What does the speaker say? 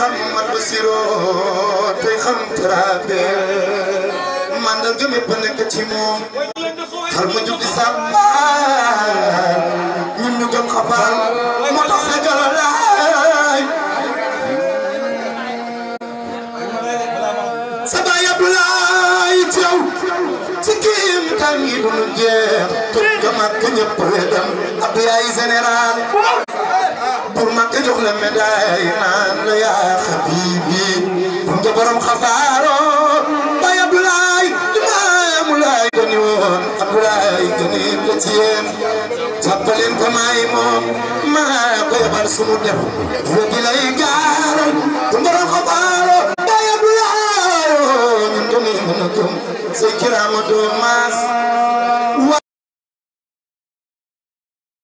xam mat ba siroo tey xam trappé mandal ga mépp nekk ci moom xal ma jug di sàmmal ñun ñu gëm xafal moo tax sa galaay sa baay Abdoulaye jaam yi duñu jeex tukka Makka ñëpp la dem ab yaay général pour Makka jox la médaille naan la yaa xabibi nga borom xafaaro bay Abdoulaye Abdoulaye gëni woon Abdoulaye gëni la ci yéen jàppaleen ko maay moom maa ko yabal sunu def wadi lay gaa sai kira mu domin